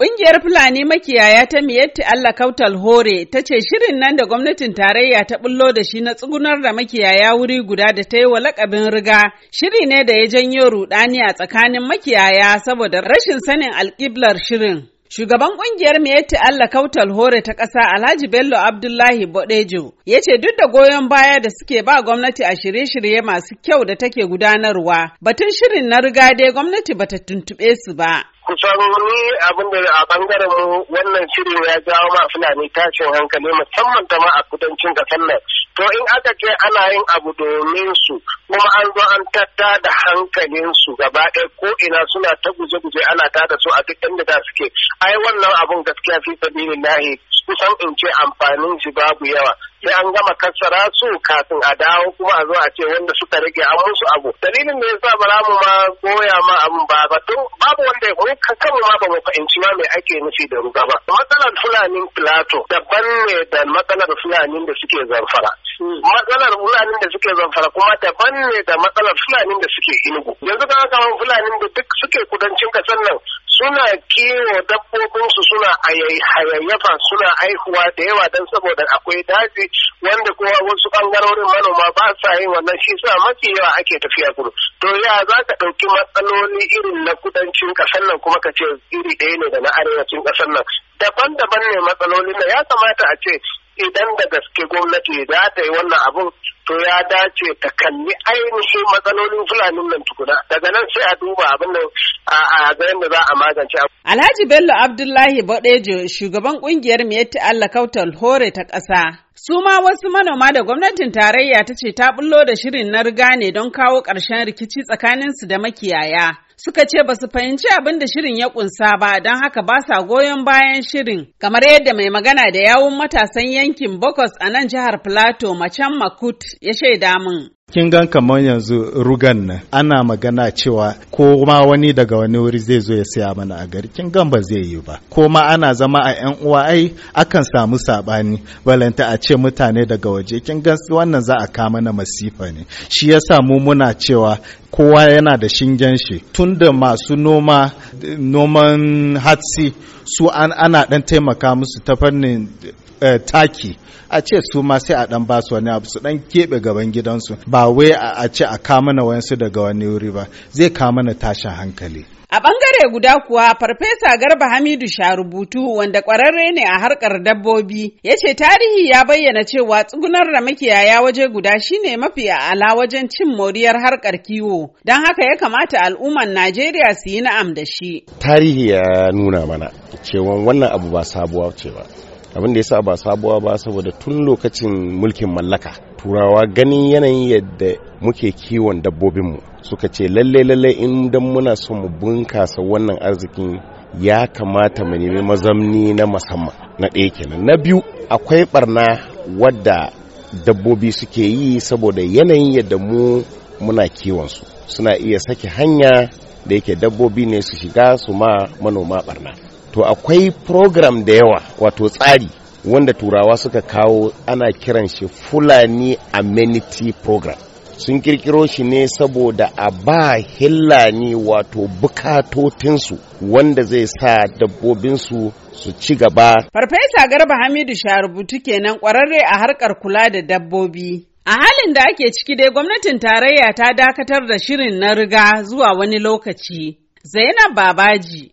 Ƙungiyar Fulani makiyaya ta Miyatti Allah Kautal Hore ta ce shirin nan da gwamnatin tarayya ta bullo da shi na tsugunar da makiyaya wuri guda da ta yi wa lakabin riga shiri ne da ya janyo rudani a tsakanin makiyaya saboda rashin sanin alƙiblar shirin. Shugaban ƙungiyar miyatti Allah Kautal Hore ta ƙasa Alhaji Bello Abdullahi Bodejo ya ce duk da goyon baya da suke ba gwamnati a shirye-shirye masu kyau da take gudanarwa, batun shirin na riga dai gwamnati bata tuntuɓe su ba. kusan ni abin da a bangaren mu wannan shirin ya jawo ma fulani tashin hankali musamman ta ma a kudancin kasar nan to in aka ce ana yin abu domin su kuma an zo an tatta da hankalin su gaba ɗaya ko ina suna ta guje-guje ana ta da su a duk inda da suke ai wannan abun gaskiya fi lahi kusan in ce amfanin shi babu yawa sai an gama kassara su kafin a dawo kuma a zo a ce wanda suka rage a musu abu dalilin da yasa ba mu ma goya ma abun ba ba babu wanda ya mun kan ma ba mu fahimci ma mai ake nufi da ruga ba matsalar fulanin plato daban ne da matsalar fulanin da suke zarfara. matsalar fulanin da suke zamfara kuma daban ne da matsalar fulanin da suke inugu yanzu ga kaman fulanin da duk suke kudancin kasar nan suna kiwo dabbobinsu suna hayayyafa suna haihuwa da yawa don saboda akwai daji wanda kowa wasu bangarorin manoma ba sa yin wannan shi sa mafi yawa ake tafiya kudu to ya za ka ɗauki matsaloli irin na kudancin ƙasar nan kuma ka ce iri ɗaya ne da na arewacin kasar nan daban-daban ne matsalolin da ya kamata a ce idan da gaske gwamnati za ta yi wannan abun to ya dace ta kalli ainihin matsalolin fulanin nan tukuna daga nan sai a duba abin nan a ga yadda za a magance Alhaji Bello Abdullahi Bodejo shugaban kungiyar Miyatti Allah Kautal Hore ta ƙasa Suma wasu manoma da gwamnatin tarayya ta ce ta bullo da shirin na riga ne don kawo ƙarshen rikici tsakanin su da makiyaya. Suka ce ba su fahimci abin da shirin ya kunsa ba don haka ba sa goyon bayan shirin. Kamar yadda mai magana da yawun matasan yankin Bokos a nan jihar Plateau Macen Makut ya shaida min. Kin gan kamar yanzu rugan nan ana magana cewa ko ma wani daga wani wuri zai zo ya saya mana a gari kin gan ba zai yi ba ko ma ana zama a yan uwa ai akan samu sabani balanta a ce mutane daga waje kin gan wannan za a kama na masifa ne shi yasa mu muna cewa kowa yana da shingen shi tun da masu noma noman hatsi su an ana dan taimaka musu ta fannin Eh, taki a ce su ma sai a dan basu wani abu su dan keɓe gaban gidansu ba wai a ce a kamana wayansu daga wani wuri ba zai kamana tashin hankali A ɓangare guda kuwa Farfesa Garba Hamidu Sharubutu wanda ƙwararre ne a harkar dabbobi ya ce tarihi ya bayyana cewa tsugunar da makiyaya waje guda shine mafi ala wajen cin moriyar harkar kiwo don haka ya kamata al'umman Najeriya su yi na'am da shi. Tarihi ya nuna mana cewa wannan abu ba sabuwa ce ba. abin da ya sa ba sabuwa ba saboda tun lokacin mulkin mallaka turawa ganin yanayin yadda muke kiwon dabbobinmu suka ce lalle lalle in dan muna son mu bunkasa wannan arzikin ya kamata mu nemi mazamni na musamman na ɗaya kenan na biyu akwai barna wadda dabbobi suke yi saboda yanayin yadda mu muna kiwonsu suna iya sake hanya da yake dabbobi ne su shiga su ma manoma barna to akwai program da yawa wato tsari wanda turawa suka kawo ana kiran shi fulani amenity program sun kirkiro shi ne saboda a ba hillani wato bukatotinsu wanda zai sa dabbobinsu su ci gaba. Farfesa Garba Hamidu Sharubutu kenan kwararre a harkar kula da dabbobi. A halin da ake ciki dai gwamnatin tarayya ta dakatar da shirin na riga zuwa wani lokaci. Zainab Babaji